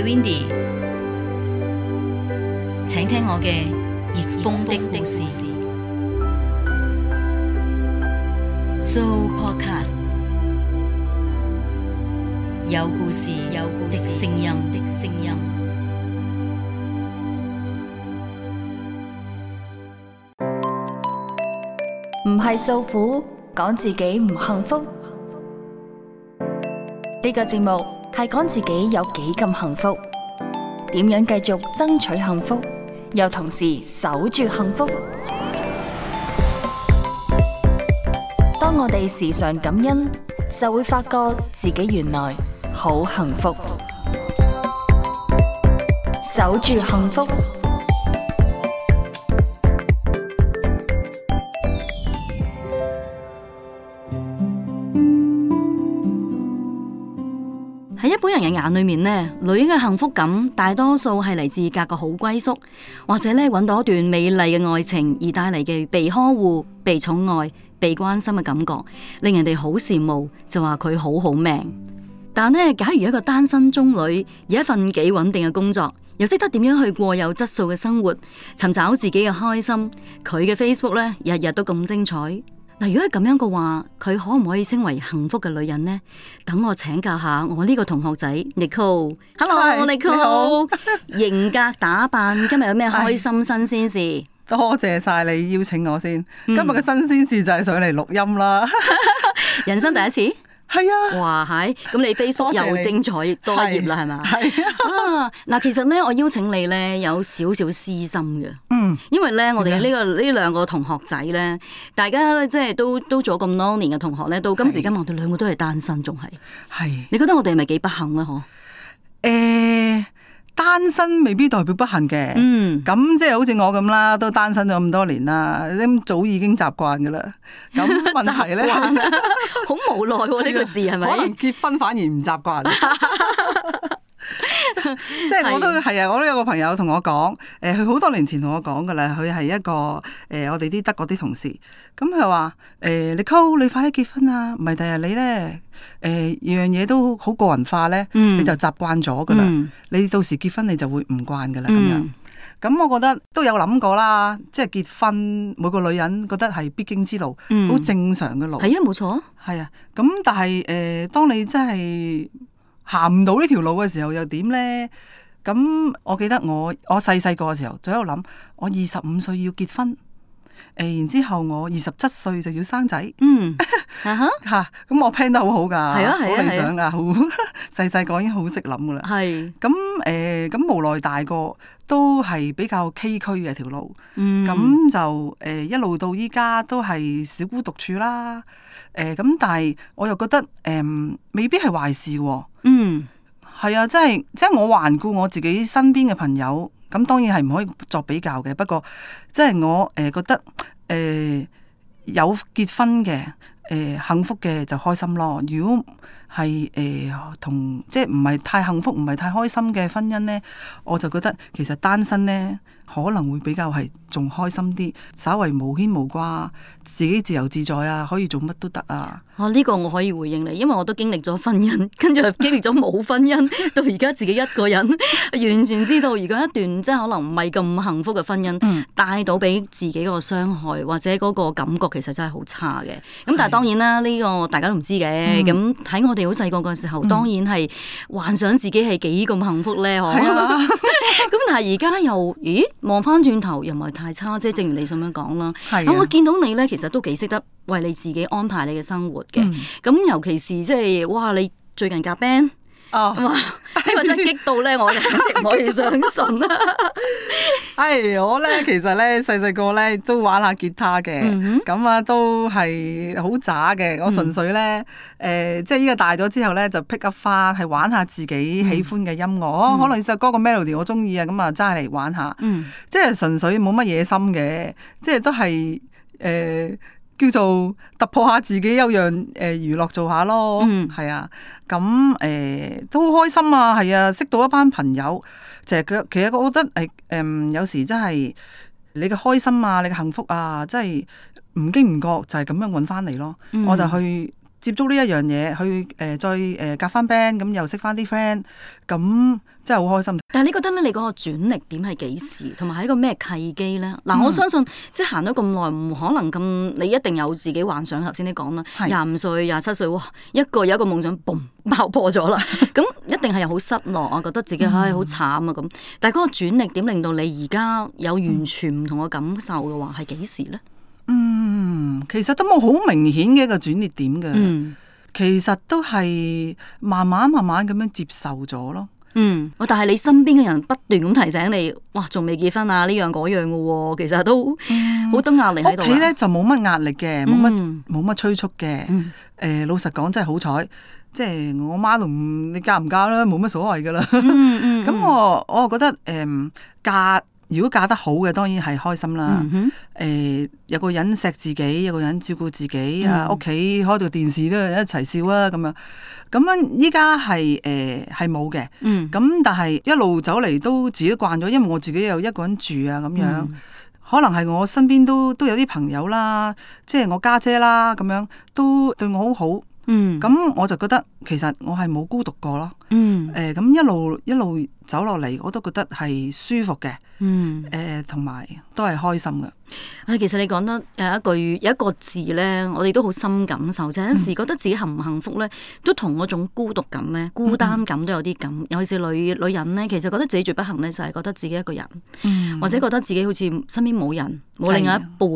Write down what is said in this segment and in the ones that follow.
係 Windy，請聽我嘅逆風的故事。So podcast 有故事，有故事的聲音。唔係訴苦，講自己唔幸福。呢個節目。係講自己有幾咁幸福，點樣繼續爭取幸福，又同時守住幸福。當我哋時常感恩，就會發覺自己原來好幸福。守住幸福。裏面呢，女人嘅幸福感大多數係嚟自隔個好歸宿，或者呢，搵到一段美麗嘅愛情而帶嚟嘅被呵護、被寵愛、被關心嘅感覺，令人哋好羨慕，就話佢好好命。但呢，假如一個單身中女有一份幾穩定嘅工作，又識得點樣去過有質素嘅生活，尋找自己嘅開心，佢嘅 Facebook 呢，日日都咁精彩。嗱，如果係咁樣嘅話，佢可唔可以稱為幸福嘅女人呢？等我請教下我呢個同學仔 Nicole Hello, Hi, Nicole。Hello，Nicole，你好 型格打扮，今日有咩開心新鮮事？多謝晒你邀請我先，今日嘅新鮮事就係上嚟錄音啦， 人生第一次。 係啊，哇係，咁、啊、你 Facebook 又精彩多，多一頁啦，係嘛？係是啊，嗱、 啊，其實咧，我邀請你咧，有少少私心嘅，嗯，因為咧，嗯、我哋呢、這個呢兩、這個、個同學仔咧，大家咧即係都都做咗咁多年嘅同學咧，到今時今日，是我哋兩個都係單身，仲係，係是，你覺得我哋係咪幾不幸咧？嗬、嗯，誒、嗯。單身未必代表不幸嘅，咁、嗯、即係好似我咁啦，都單身咗咁多年啦，咁早已經習慣嘅啦。咁問題咧，好 慣、啊、 無奈呢、啊、 個字係咪？ 可能結婚反而唔習慣。 即係我都係是啊！我都有個朋友同我講，誒、呃，佢好多年前同我講噶啦，佢係一個誒、呃，我哋啲德國啲同事，咁佢話誒，你溝、呃、你快啲結婚啊！唔係，第日你咧，誒，樣嘢都好個人化咧，你就習慣咗噶啦，你到時結婚你就會唔慣噶啦咁樣。咁、嗯嗯啊、我覺得都有諗過啦，即係結婚，每個女人覺得係必經之路，好、嗯、正常嘅路。係啊，冇錯。係啊，咁但係誒、呃，當你真係。行唔到呢條路嘅時候又點呢？噉我記得我我細細個嘅時候，就喺度諗，我二十五歲要結婚。誒，然之後我二十七歲就要生仔，嗯，吓咁、 啊、我 plan 得好好噶，係啊，好理想噶，好細細個已經好識諗噶啦，係是。咁誒、咁、呃、無奈大個都係比較崎嶇嘅條路，咁、嗯、就誒、呃、一路到依家都係小姑獨處啦。誒、呃，咁但係我又覺得誒、呃，未必係壞事、啊。嗯。係啊，即係，即係我環顧我自己身邊嘅朋友，咁當然係唔可以作比較嘅。不過，即係我誒、呃、覺得誒、呃、有結婚嘅。誒幸福嘅就開心咯。如果係誒、呃、同即係唔係太幸福、唔係太開心嘅婚姻呢，我就覺得其實單身呢可能會比較係仲開心啲，稍為無牽無掛，自己自由自在啊，可以做乜都得啊。哦、啊，呢、這個我可以回應你，因為我都經歷咗婚姻，跟住又經歷咗冇婚姻，到而家自己一個人，完全知道如果一段即係可能唔係咁幸福嘅婚姻，帶、嗯、到俾自己個傷害或者嗰個感覺其實真係好差嘅。咁但係當當然啦，呢、這個大家都唔知嘅。咁睇、嗯、我哋好細個嘅時候，當然係幻想自己係幾咁幸福咧，嗬、嗯。咁 但係而家又，咦？望翻轉頭又唔係太差啫。正如你想咁樣講啦。咁、啊、我見到你咧，其實都幾識得為你自己安排你嘅生活嘅。咁、嗯、尤其是即、就、係、是，哇！你最近夾 band。哦，咁啊，真係激到咧，我哋直情唔可以相信啦 哎。係我咧，其實咧，細細個咧都玩，玩下吉他嘅，咁、mm hmm. 啊都係好渣嘅。我純粹咧，誒、呃，即係依個大咗之後咧，就 pick up 翻係玩一下自己喜歡嘅音樂。Mm hmm. 哦，可能呢首歌個 melody 我中意啊，咁啊，揸嚟玩下。Mm hmm. 即係純粹冇乜野心嘅，即係都係誒。呃叫做突破下自己，有樣誒娛樂做下咯，係、嗯、啊，咁、嗯、誒都好開心啊，係啊，識到一班朋友，就係佢，其實我覺得誒，誒、嗯、有時真係你嘅開心啊，你嘅幸福啊，真係唔經唔覺就係咁樣搵翻嚟咯，嗯、我就去。接觸呢一樣嘢，去誒、呃、再誒夾翻 band，咁又識翻啲 friend，咁真係好開心。但係你覺得咧，你嗰個轉力點係幾時，同埋係一個咩契機咧？嗱、嗯啊，我相信即係行咗咁耐，唔可能咁，你一定有自己幻想頭先你講啦。廿五是歲、廿七歲，一個有一個夢想 boom 爆破咗啦，咁 一定係好失落啊，覺得自己唉好、嗯哎、慘啊咁。但係嗰個轉力點令到你而家有完全唔同嘅感受嘅話，係幾時咧？嗯，其實都冇好明顯嘅一個轉捩點嘅，嗯、其實都係慢慢慢慢咁樣接受咗咯。嗯，但係你身邊嘅人不斷咁提醒你，哇，仲未結婚啊，呢樣嗰樣嘅、啊，其實都好、嗯、多壓力喺度。你睇咧就冇乜壓力嘅，冇乜冇乜催促嘅。誒、嗯呃，老實講真係好彩，即係我媽同你嫁唔嫁啦，冇乜所謂噶啦。咁我我又覺得誒嫁。如果嫁得好嘅，當然係開心啦。誒、嗯哼呃，有個人錫自己，有個人照顧自己、嗯、哼啊！屋企開到電視都一齊笑啊！咁樣咁樣依家係誒係冇嘅。呃、嗯，咁但係一路走嚟都自己慣咗，因為我自己又一個人住啊咁樣，嗯、可能係我身邊都都有啲朋友啦，即係我家姐，姐啦咁樣，都對我好好。嗯，咁我就覺得其實我係冇孤獨過咯，誒、嗯，咁、呃、一路一路走落嚟，我都覺得係舒服嘅，誒、嗯，同埋、呃、都係開心嘅。唉，其實你講得有一句有一個字咧，我哋都好深感受，即係有時覺得自己幸唔幸福咧，都同嗰種孤獨感咧、孤單感都有啲感。尤其是女女人咧，其實覺得自己最不幸咧，就係、係、覺得自己一個人，嗯、或者覺得自己好似身邊冇人、冇另外一半、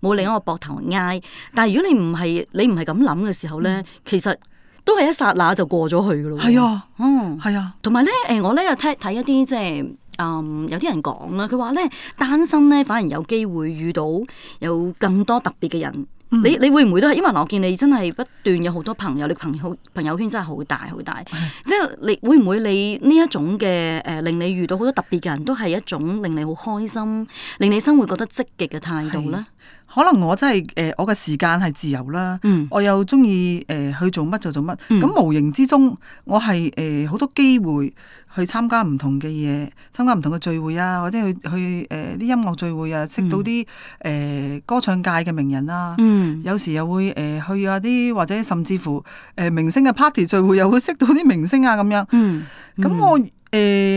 冇的另一個膊頭挨。的但係如果你唔係你唔係咁諗嘅時候咧，的其實都係一剎那就過咗去嘅咯。係啊的，嗯，係啊的。同埋咧，誒，我咧又睇睇一啲即係。Um, 有啲人講啦，佢話咧單身咧，反而有機會遇到有更多特別嘅人。嗯、你你會唔會都係？因為我見你真係不斷有好多朋友，你朋好朋友圈真係好大好大。大是的 即係你會唔會你呢一種嘅誒，令你遇到好多特別嘅人都係一種令你好開心、令你生活覺得積極嘅態度呢？可能我真係誒、呃，我嘅時間係自由啦，嗯、我又中意誒去做乜就做乜，咁、嗯、無形之中我係誒好多機會去參加唔同嘅嘢，參加唔同嘅聚會啊，或者去去誒啲、呃、音樂聚會啊，識到啲誒、嗯呃、歌唱界嘅名人啊，嗯、有時又會誒、呃、去啊啲或者甚至乎誒、呃、明星嘅 party 聚會又會識到啲明星啊咁樣，咁我、嗯。嗯嗯嗯誒，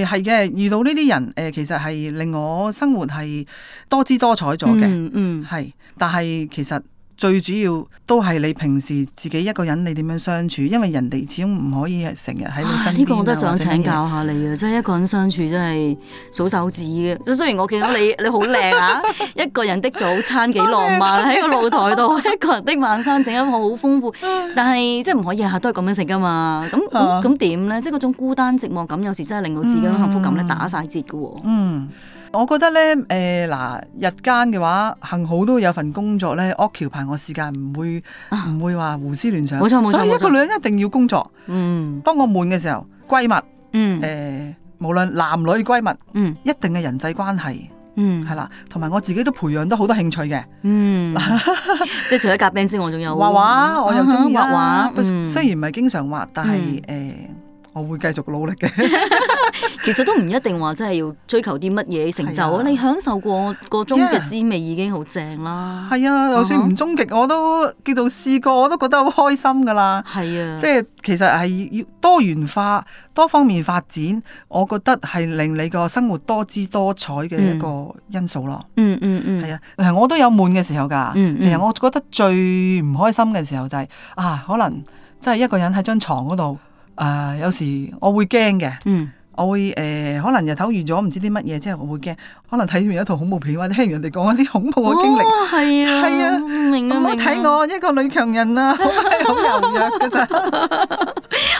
係嘅，呃，遇到呢啲人，誒，呃，其實係令我生活係多姿多彩咗嘅，嗯，嗯，係，但係其實。最主要都係你平時自己一個人你點樣相處，因為人哋始終唔可以成日喺你身邊啊，呢個我都想請教下你啊，即係 一個人相處真係數手指嘅。即雖然我見到你你好靚啊， 一個人的早餐幾浪漫喺個露台度， 一個人的晚餐整得好豐富，但係即係唔可以日日都係咁樣食噶嘛。咁咁咁點咧？即係嗰種孤單寂寞感，有時真係令到自己嘅幸福感咧打晒折噶喎。嗯。我覺得咧，誒，嗱，日間嘅話，幸好都有份工作咧，屋橋排我時間，唔會唔會話胡思亂想。冇錯冇錯，所以一個女人一定要工作。嗯，當我悶嘅時候，閨蜜，嗯，誒，無論男女閨蜜，嗯，一定係人際關係，嗯，係啦，同埋我自己都培養得好多興趣嘅，嗯，即係除咗夾 band 之外，仲有畫畫，我又中意畫畫，雖然唔係經常畫，但係誒。我會繼續努力嘅 其實都唔一定話真係要追求啲乜嘢成就、啊、你享受過個終極嘅滋味已經好正啦。係啊，就算唔終極，我都叫做試過，我都覺得好開心噶啦。係啊，即係其實係要多元化、多方面發展，我覺得係令你個生活多姿多彩嘅一個因素咯、嗯。嗯嗯嗯，係、嗯、啊，我都有悶嘅時候㗎。嗯嗯、其實我覺得最唔開心嘅時候就係、是、啊，可能真係一個人喺張床嗰度。啊，uh, 有時我會驚嘅，嗯、我會誒、呃，可能日頭完咗唔知啲乜嘢，之後我係我會驚。可能睇完一套恐怖片，或者聽人哋講一啲恐怖嘅經歷，係、哦、啊，唔、啊、明唔好睇我一個女強人啊，好柔弱嘅咋？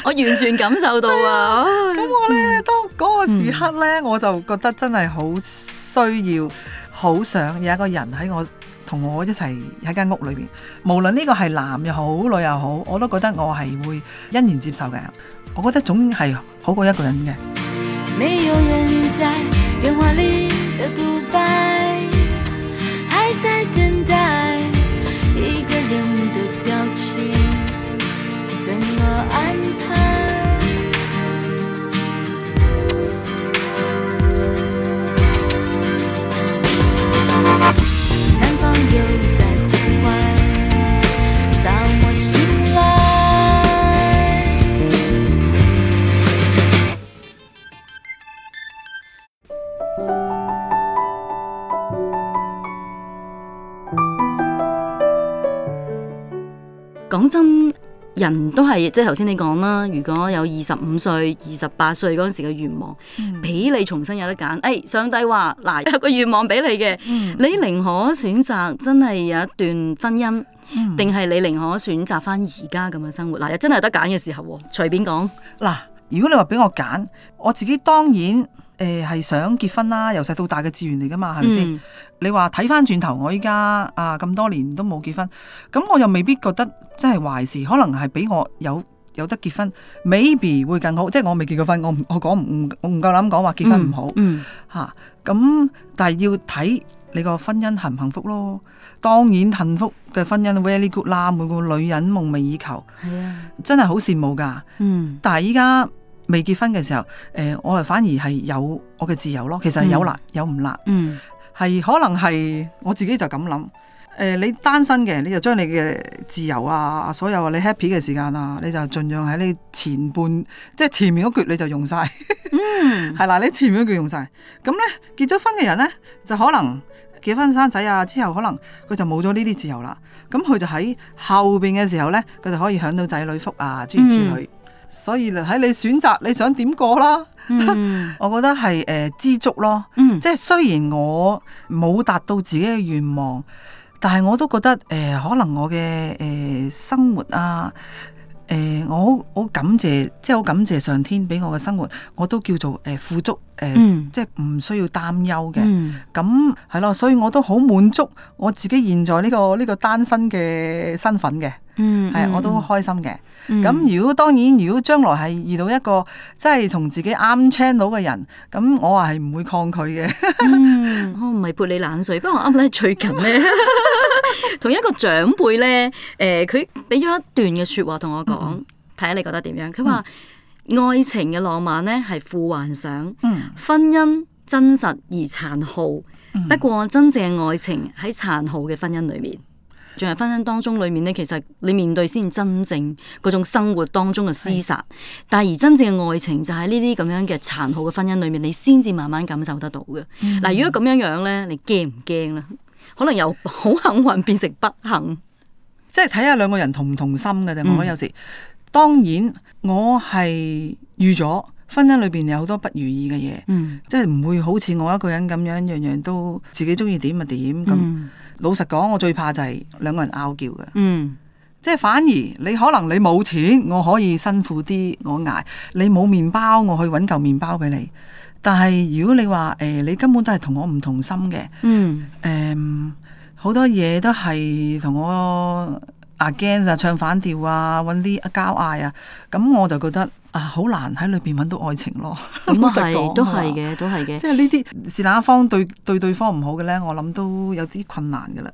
我完全感受到啊！咁 我咧，當嗰個時刻咧，我就覺得真係好需要，好、嗯、想有一個人喺我，同我一齊喺間屋裏邊，無論呢個係男又好，女又好，我都覺得我係會欣然接受嘅。我覺得總係好過一個人嘅。真人都係，即係頭先你講啦。如果有二十五歲、二十八歲嗰時嘅願望，俾、嗯、你重新有得揀，誒、哎，上帝話嗱有個願望俾你嘅，嗯、你寧可選擇真係有一段婚姻，定係、嗯、你寧可選擇翻而家咁嘅生活？嗱，又真係有得揀嘅時候，隨便講嗱，如果你話俾我揀，我自己當然。誒，係、呃、想結婚啦，由細到大嘅志願嚟噶嘛，係咪先？嗯、你話睇翻轉頭，我依家啊咁多年都冇結婚，咁我又未必覺得真係壞事，可能係俾我有有得結婚，maybe 會更好。即係我未結過婚，我我講唔唔唔夠膽講話結婚唔好，吓、嗯。咁、嗯啊、但係要睇你個婚姻幸唔幸福咯。當然幸福嘅婚姻 very good 啦，每個女人夢寐以求，係是啊真，真係好羨慕噶。但係依家。未結婚嘅時候，誒、呃，我啊反而係有我嘅自由咯，其實有辣、嗯、有唔辣，係、嗯、可能係我自己就咁諗，誒、呃，你單身嘅你就將你嘅自由啊，所有你 happy 嘅時間啊，你就盡量喺你前半，即係前面嗰橛你就用晒，係 嗱、嗯，你前面嗰橛用晒，咁咧結咗婚嘅人咧就可能結婚生仔啊，之後可能佢就冇咗呢啲自由啦，咁佢就喺後邊嘅時候咧，佢就可以享到仔女福啊，諸如此類、嗯。所以，睇你選擇你想點過啦。嗯、 我覺得係誒、呃、知足咯，即係雖然我冇達到自己嘅願望，但係我都覺得誒、呃，可能我嘅誒、呃、生活啊。誒、呃，我好我感謝，即係好感謝上天俾我嘅生活，我都叫做誒富、呃、足，誒、呃嗯、即係唔需要擔憂嘅。咁係咯，所以我都好滿足我自己現在呢、這個呢、這個單身嘅身份嘅，係、嗯、我都開心嘅。咁、嗯、如果當然，如果將來係遇到一個即係同自己啱 channel 到嘅人，咁我話係唔會抗拒嘅、嗯。 我唔係潑你冷水，不過我啱咧最近咧。 同一個長輩咧，誒、呃，佢俾咗一段嘅說話同我講，睇下你覺得點樣？佢話、嗯、愛情嘅浪漫咧係富幻想，嗯、婚姻真實而殘酷。嗯、不過真正嘅愛情喺殘酷嘅婚姻裏面，仲係婚姻當中裏面咧，其實你面對先真正嗰種生活當中嘅廝殺。是但係而真正嘅愛情就喺呢啲咁樣嘅殘酷嘅婚姻裏面，你先至慢慢感受得到嘅。嗱、嗯，嗯、如果咁樣樣咧，你驚唔驚咧？可能由好幸運變成不幸，即係睇下兩個人同唔同心嘅啫。我覺得有時，嗯、當然我係預咗婚姻裏邊有好多不如意嘅嘢，嗯、即係唔會好似我一個人咁樣樣樣都自己中意點咪點。咁、嗯、老實講，我最怕就係兩個人拗撬嘅。嗯，即係反而你可能你冇錢，我可以辛苦啲我挨；你冇麵包，我去揾嚿麵包俾你。但係如果你話誒、呃、你根本都係同我唔同心嘅，嗯，誒好、呃、多嘢都係同我阿 gen 啊唱反調啊，搵啲阿交嗌啊，咁我就覺得啊好難喺裏邊搵到愛情咯。咁啊係，都係嘅，都係嘅。即係呢啲是但一方對對對方唔好嘅咧，我諗都有啲困難噶啦。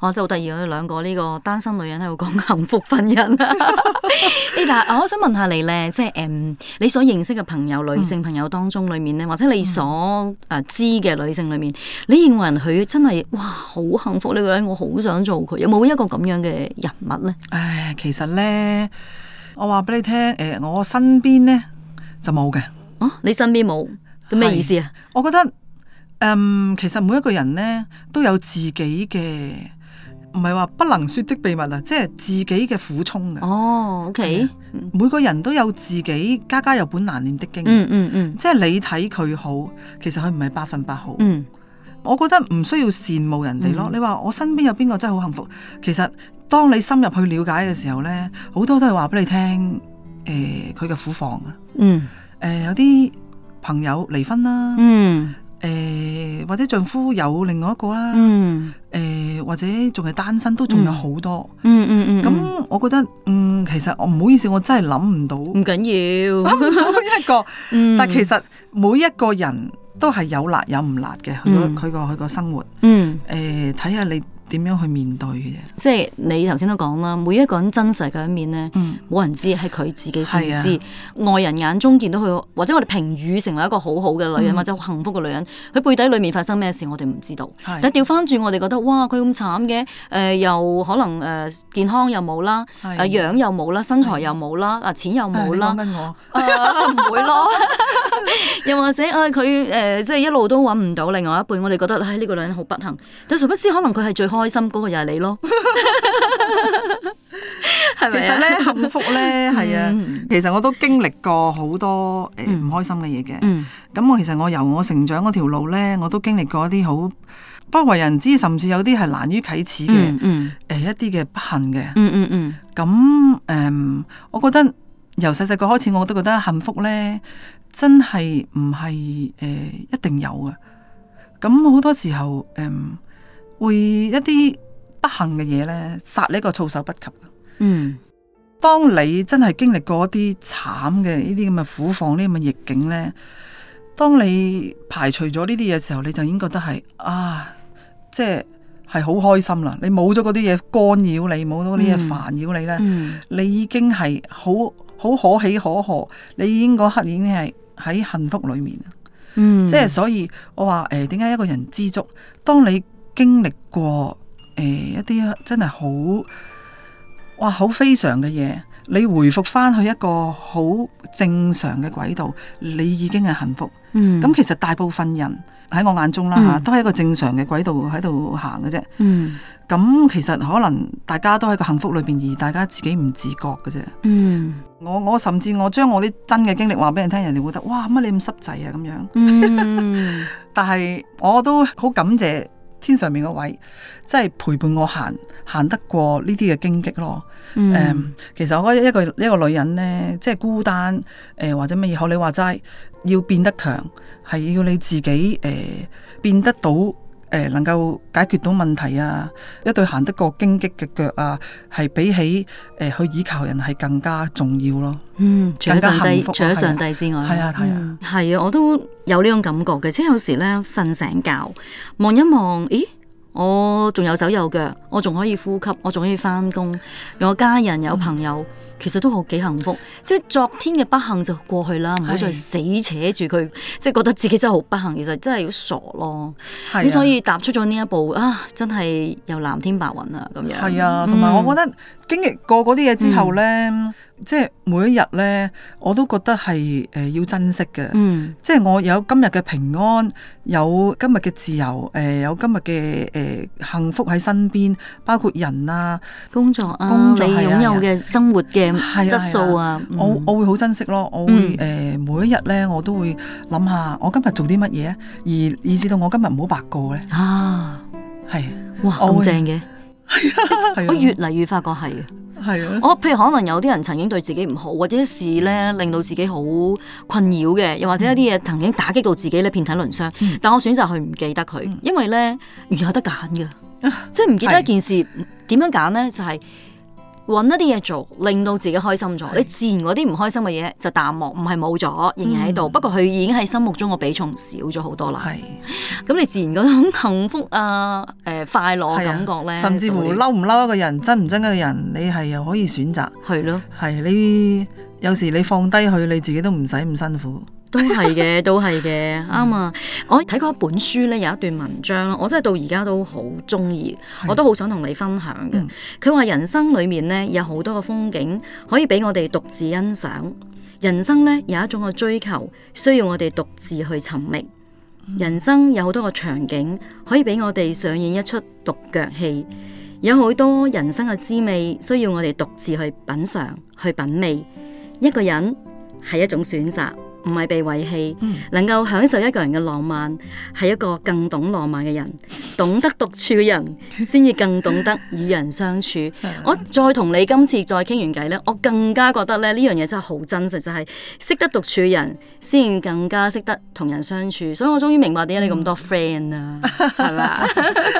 我真係好得意，我哋兩個呢個單身女人喺度講幸福婚姻啦。 但係，我想問下你咧，即係誒，你所認識嘅朋友，女性朋友當中，裏面咧，或者你所誒知嘅女性裏面，嗯、你認為佢真係哇好幸福呢個女人，我好想做佢，有冇一個咁樣嘅人物咧？誒，其實咧，我話俾你聽，誒、呃，我身邊咧就冇嘅。哦、啊，你身邊冇，咁咩意思啊？我覺得，誒、呃，其實每一個人咧都有自己嘅。唔係話不能說的秘密啊，即係自己嘅苦衷嘅。哦、oh，OK，每個人都有自己家家有本難念的經。嗯嗯嗯，嗯嗯，即係你睇佢好，其實佢唔係百分百好。嗯，我覺得唔需要羨慕人哋咯。嗯、你話我身邊有邊個真係好幸福，其實當你深入去了解嘅時候咧，好多都係話俾你聽，誒、呃，佢嘅苦況啊。嗯，誒、呃，有啲朋友離婚啦。嗯。誒、呃，或者丈夫有另外一個啦，誒、嗯呃，或者仲係單身都仲有好多，嗯嗯嗯。咁、嗯嗯嗯、我覺得，嗯，其實我唔好意思，我真係諗唔到。唔緊要，諗唔到、啊、一個， 嗯、但係其實每一個人都係有辣有唔辣嘅，佢佢個佢個生活，嗯，誒、呃，睇下你，點樣去面對嘅？即係你頭先都講啦，每一個人真實嘅一面咧，冇、嗯、人知，係佢自己先知。的外人眼中見到佢，或者我哋評語成為一個好好嘅女人，嗯、或者幸福嘅女人，佢背底裏面發生咩事，我哋唔知道。的但係調翻轉，我哋覺得哇，佢咁慘嘅，誒、呃、又可能誒、呃、健康又冇啦，誒樣又冇啦，身材又冇啦，的啊錢又冇啦。我唔會咯。又或者佢誒、啊呃呃、即係一路都揾唔到另外一半，我哋覺得呢、這個女人好不幸。但係誰不知，可能佢係最開。開心嗰、那個又係你咯，係 咪、啊、其實咧，幸福咧，係啊。嗯、其實我都經歷過好多誒唔、呃、開心嘅嘢嘅。咁、嗯、我其實我由我成長嗰條路咧，我都經歷過一啲好不為人知，甚至有啲係難於啟齒嘅。誒、嗯嗯呃，一啲嘅不幸嘅、嗯。嗯嗯嗯。咁誒、嗯，我覺得由細細個開始，我都覺得幸福咧，真係唔係誒一定有嘅。咁好多時候，嗯。會一啲不幸嘅嘢咧，殺你個措手不及。嗯，當你真係經歷過一啲慘嘅呢啲咁嘅苦況，呢啲咁嘅逆境咧，當你排除咗呢啲嘢時候，你就已經覺得係啊，即係係好開心啦！你冇咗嗰啲嘢干擾你，冇咗嗰啲嘢煩擾你咧、嗯嗯，你已經係好好可喜可賀，你已經嗰刻已經係喺幸福裏面。嗯、即係所以我話誒，點解一個人知足？當你經歷過誒、呃、一啲真係好哇好非常嘅嘢，你回復翻去一個好正常嘅軌道，你已經係幸福。咁、嗯、其實大部分人喺我眼中啦吓、啊，都喺一個正常嘅軌道喺度行嘅啫。咁、嗯、其實可能大家都喺個幸福裏邊，而大家自己唔自覺嘅啫。嗯、我我甚至我將我啲真嘅經歷話俾人聽，人哋會覺得哇，乜你咁濕滯啊咁樣。嗯、 但係我都好感謝。天上面個位，即係陪伴我行，行得過呢啲嘅荊棘咯。誒、嗯，um, 其實我覺得一個一個女人呢，即係孤單，誒、呃、或者乜嘢，好你話齋，要變得強，係要你自己誒、呃、變得到。誒，能夠解決到問題啊！一對行得過荊棘嘅腳啊，係比起誒、呃、去倚靠人係更加重要咯。嗯，除咗上、啊、上帝之外，係啊係啊，係啊，啊、嗯、啊，我都有呢種感覺嘅。即係有時咧，瞓醒覺，望一望，咦，我仲有手有腳，我仲可以呼吸，我仲可以翻工，有家人，有朋友。嗯其實都好幾幸福，即係昨天嘅不幸就過去啦，唔唉好再死扯住佢，即係覺得自己真係好不幸，其實真係好傻咯。咁、啊、所以踏出咗呢一步啊，真係又藍天白雲啊咁樣。係啊，同埋、嗯、我覺得。經歷過嗰啲嘢之後咧，即係每一日咧，我都覺得係誒要珍惜嘅。嗯，即係我有今日嘅平安，有今日嘅自由，誒有今日嘅誒幸福喺身邊，包括人啊，工作啊，你擁有嘅生活嘅質素啊，我我會好珍惜咯。我會誒每一日咧，我都會諗下我今日做啲乜嘢，而以致到我今日唔好白過咧。啊，係哇，好正嘅。 我越嚟越發覺係啊，係啊，我譬如可能有啲人曾經對自己唔好，或者事咧令到自己好困擾嘅，又或者一啲嘢曾經打擊到自己咧，遍體鱗傷，嗯、但我選擇去唔記得佢，因為咧如有得揀㗎，啊、即係唔記得一件事點樣揀呢？是就係、是。揾一啲嘢做，令到自己開心咗。是你自然嗰啲唔開心嘅嘢就淡忘，唔係冇咗，仍然喺度。嗯、不過佢已經喺心目中個比重少咗好多啦。係是。咁你自然嗰種幸福啊，誒、呃、快樂感覺咧、啊，甚至乎嬲唔嬲一個人，憎唔憎一個人，你係又可以選擇。係咯的。係你有時你放低佢，你自己都唔使咁辛苦。 都係嘅，都係嘅，啱啊、 嗯！我睇過一本書咧，有一段文章，我真係到而家都好中意，我都好想同你分享嘅。佢話、嗯、人生裏面呢，有好多嘅風景可以俾我哋獨自欣賞，人生呢，有一種嘅追求需要我哋獨自去尋覓，人生有好多個場景可以俾我哋上演一出獨腳戲，有好多人生嘅滋味需要我哋獨自去品嘗去品味。一個人係一種選擇。唔係被遺棄，能夠享受一個人嘅浪漫，係一個更懂浪漫嘅人，懂得獨處嘅人，先至更懂得與人相處。 我再同你今次再傾完偈呢，我更加覺得咧呢樣嘢真係好真實，就係、是、識得獨處嘅人，先更加識得同人相處。所以我終於明白點解你咁多 friend 啦，係咪啊？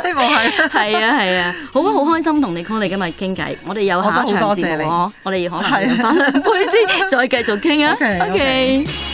希望係啊係啊，啊，好啊好開心同你 call 你今日傾偈。我哋有下場節目哦，我哋可能飲翻兩杯先， 再繼續傾啊。OK, okay。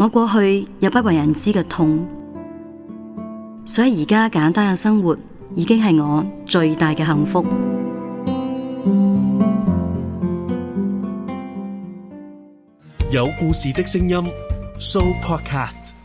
我過去有不為人知嘅痛，所以而家簡單嘅生活已經係我最大嘅幸福。有故事的聲音，Show Podcast。